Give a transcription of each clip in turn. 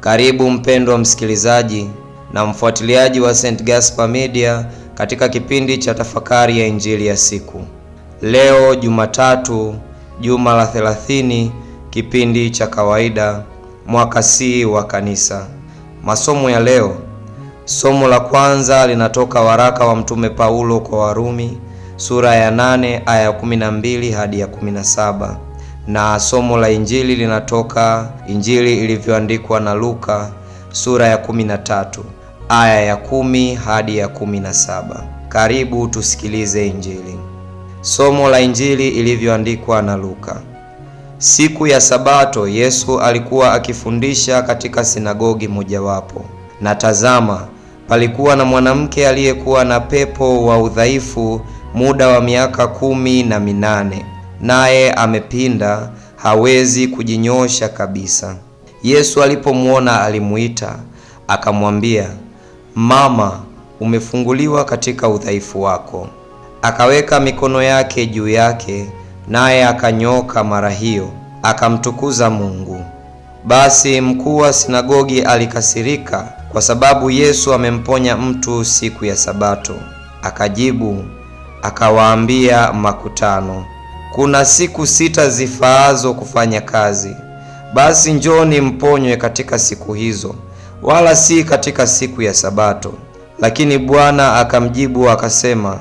Karibu mpendwa msikilizaji na mfuatiliaji wa St. Gaspar Media katika kipindi cha tafakari ya injili ya siku. Leo Jumatatu, juma la 30, kipindi cha kawaida, mwaka C wa Kanisa. Masomo ya leo, somo la kwanza linatoka waraka wa Mtume Paulo kwa Warumi sura ya 8 aya 12 hadi ya 17 na somo la injili linatoka Injili ilivyoandikwa na Luka sura ya 13 aya ya kumi hadi ya kumi na saba. Karibu tusikilize injili. Somo la Injili ilivyoandikwa na Luka. Siku ya Sabato Yesu alikuwa akifundisha katika sinagogi mojawapo, na tazama, palikuwa na mwanamke aliyekuwa na pepo wa udhaifu muda wa miaka kumi na minane naye amepinda, hawezi kujinyosha kabisa. Yesu alipomwona alimuita, akamwambia, Mama, umefunguliwa katika udhaifu wako. Akaweka mikono yake juu yake, naye akanyoka mara hiyo, akamtukuza Mungu. Basi mkuu wa sinagogi alikasirika kwa sababu Yesu amemponya mtu siku ya Sabato. Akajibu akawaambia makutano kuna siku sita zifaazo kufanya kazi, basi njoni mponywe katika siku hizo, wala si katika siku ya Sabato. Lakini Bwana akamjibu akasema,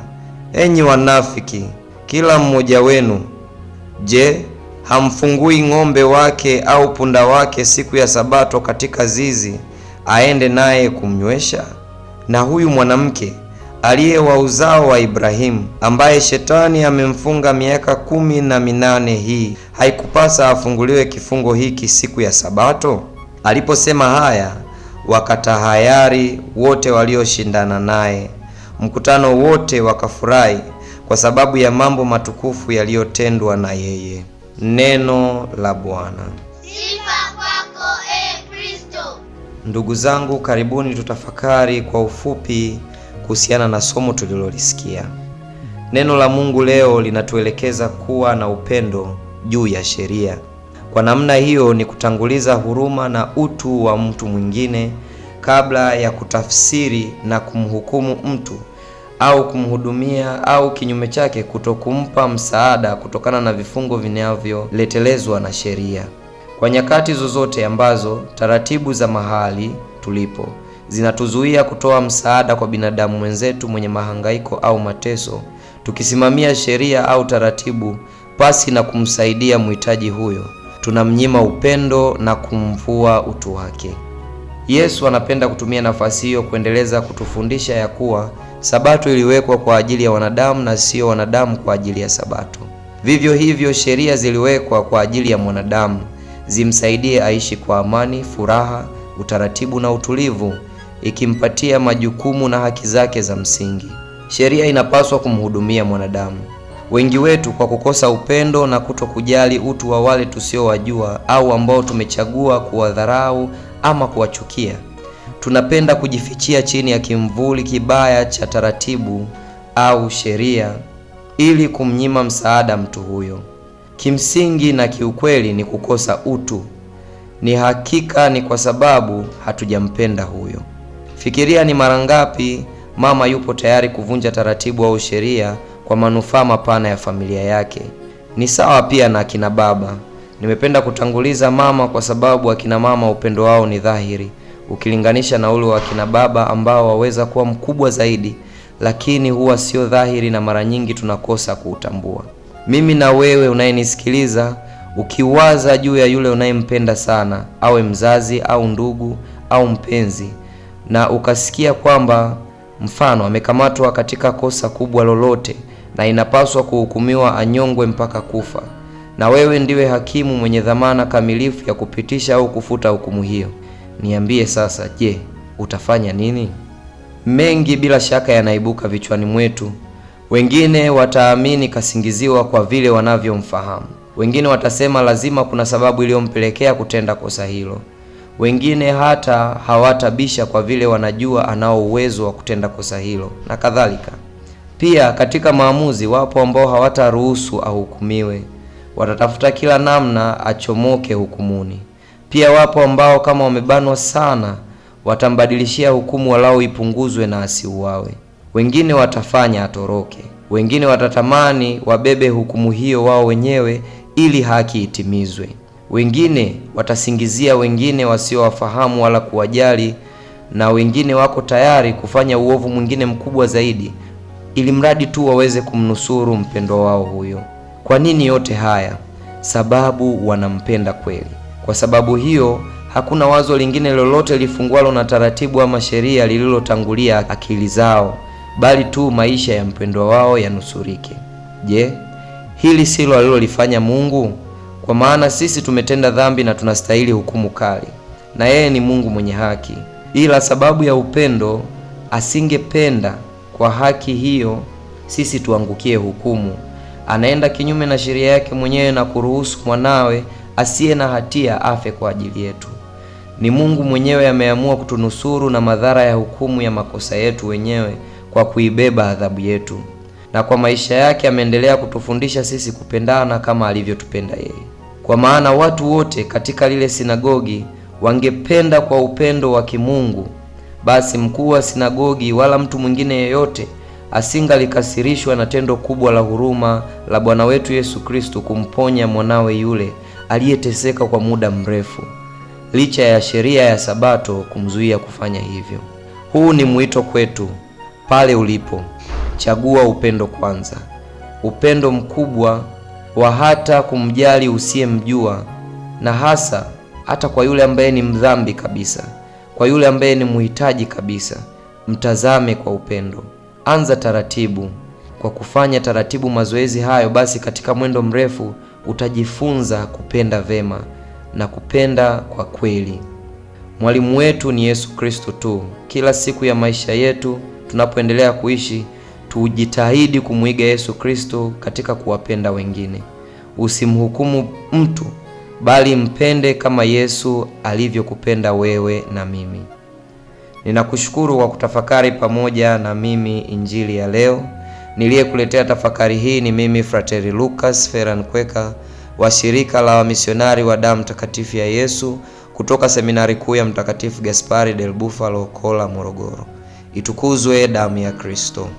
enyi wanafiki, kila mmoja wenu, je, hamfungui ng'ombe wake au punda wake siku ya Sabato katika zizi, aende naye kumnywesha? Na huyu mwanamke aliye wa uzao wa Ibrahimu, ambaye shetani amemfunga miaka kumi na minane hii, haikupasa afunguliwe kifungo hiki siku ya Sabato? Aliposema haya, wakatahayari wote walioshindana naye, mkutano wote wakafurahi kwa sababu ya mambo matukufu yaliyotendwa na yeye. Neno la Bwana. Sifa kwako, e Kristo. Ndugu zangu, karibuni tutafakari kwa ufupi kuhusiana na somo tulilolisikia. Neno la Mungu leo linatuelekeza kuwa na upendo juu ya sheria. Kwa namna hiyo ni kutanguliza huruma na utu wa mtu mwingine kabla ya kutafsiri na kumhukumu mtu au kumhudumia au kinyume chake kutokumpa msaada kutokana na vifungo vinavyoletelezwa na sheria. Kwa nyakati zozote ambazo taratibu za mahali tulipo zinatuzuia kutoa msaada kwa binadamu mwenzetu mwenye mahangaiko au mateso, tukisimamia sheria au taratibu pasi na kumsaidia mhitaji huyo, tunamnyima upendo na kumvua utu wake. Yesu anapenda kutumia nafasi hiyo kuendeleza kutufundisha ya kuwa Sabato iliwekwa kwa ajili ya wanadamu na siyo wanadamu kwa ajili ya Sabato. Vivyo hivyo, sheria ziliwekwa kwa ajili ya mwanadamu, zimsaidie aishi kwa amani, furaha, utaratibu na utulivu ikimpatia majukumu na haki zake za msingi. Sheria inapaswa kumhudumia mwanadamu. Wengi wetu kwa kukosa upendo na kutokujali utu wa wale tusiowajua au ambao tumechagua kuwadharau ama kuwachukia, tunapenda kujifichia chini ya kimvuli kibaya cha taratibu au sheria ili kumnyima msaada mtu huyo. Kimsingi na kiukweli ni kukosa utu. Ni hakika ni kwa sababu hatujampenda huyo. Fikiria ni mara ngapi mama yupo tayari kuvunja taratibu au sheria kwa manufaa mapana ya familia yake. Ni sawa pia na akina baba. Nimependa kutanguliza mama kwa sababu akina mama upendo wao ni dhahiri ukilinganisha na ule wa akina baba ambao waweza kuwa mkubwa zaidi, lakini huwa sio dhahiri na mara nyingi tunakosa kuutambua. Mimi na wewe unayenisikiliza, ukiwaza juu ya yule unayempenda sana, awe mzazi au ndugu au mpenzi na ukasikia kwamba mfano amekamatwa katika kosa kubwa lolote na inapaswa kuhukumiwa anyongwe mpaka kufa, na wewe ndiwe hakimu mwenye dhamana kamilifu ya kupitisha au kufuta hukumu hiyo, niambie sasa, je, utafanya nini? Mengi bila shaka yanaibuka vichwani mwetu. Wengine wataamini kasingiziwa kwa vile wanavyomfahamu, wengine watasema lazima kuna sababu iliyompelekea kutenda kosa hilo wengine hata hawatabisha kwa vile wanajua anao uwezo wa kutenda kosa hilo na kadhalika. Pia katika maamuzi, wapo ambao hawataruhusu ahukumiwe, watatafuta kila namna achomoke hukumuni. Pia wapo ambao kama wamebanwa sana, watambadilishia hukumu walao ipunguzwe na asiuawe. Wengine watafanya atoroke, wengine watatamani wabebe hukumu hiyo wao wenyewe ili haki itimizwe. Wengine watasingizia wengine wasiowafahamu wala kuwajali, na wengine wako tayari kufanya uovu mwingine mkubwa zaidi, ili mradi tu waweze kumnusuru mpendwa wao huyo. Kwa nini yote haya? Sababu wanampenda kweli. Kwa sababu hiyo hakuna wazo lingine lolote lifungwalo na taratibu ama sheria lililotangulia akili zao, bali tu maisha ya mpendwa wao yanusurike. Je, hili silo alilolifanya Mungu? kwa maana sisi tumetenda dhambi na tunastahili hukumu kali, na yeye ni Mungu mwenye haki. Ila sababu ya upendo, asingependa kwa haki hiyo sisi tuangukie hukumu. Anaenda kinyume na sheria yake mwenyewe na kuruhusu mwanawe asiye na hatia afe kwa ajili yetu. Ni Mungu mwenyewe ameamua kutunusuru na madhara ya hukumu ya makosa yetu wenyewe kwa kuibeba adhabu yetu, na kwa maisha yake ameendelea kutufundisha sisi kupendana kama alivyotupenda yeye. Kwa maana watu wote katika lile sinagogi wangependa kwa upendo wa kimungu, basi mkuu wa sinagogi wala mtu mwingine yeyote asingalikasirishwa na tendo kubwa la huruma la Bwana wetu Yesu Kristo kumponya mwanawe yule aliyeteseka kwa muda mrefu, licha ya sheria ya Sabato kumzuia kufanya hivyo. Huu ni mwito kwetu. Pale ulipo, chagua upendo kwanza, upendo mkubwa wa hata kumjali usiyemjua, na hasa hata kwa yule ambaye ni mdhambi kabisa, kwa yule ambaye ni muhitaji kabisa. Mtazame kwa upendo. Anza taratibu. Kwa kufanya taratibu mazoezi hayo, basi katika mwendo mrefu utajifunza kupenda vema na kupenda kwa kweli. Mwalimu wetu ni Yesu Kristo tu. Kila siku ya maisha yetu tunapoendelea kuishi Tujitahidi kumwiga Yesu Kristo katika kuwapenda wengine. Usimhukumu mtu, bali mpende kama Yesu alivyokupenda wewe na mimi. Ninakushukuru kwa kutafakari pamoja na mimi injili ya leo. Niliyekuletea tafakari hii ni mimi Frateri Lucas Ferran Kweka wa shirika la wamisionari wa damu takatifu ya Yesu kutoka seminari kuu ya Mtakatifu Gaspari del Bufalo Kola, Morogoro. Itukuzwe damu ya Kristo!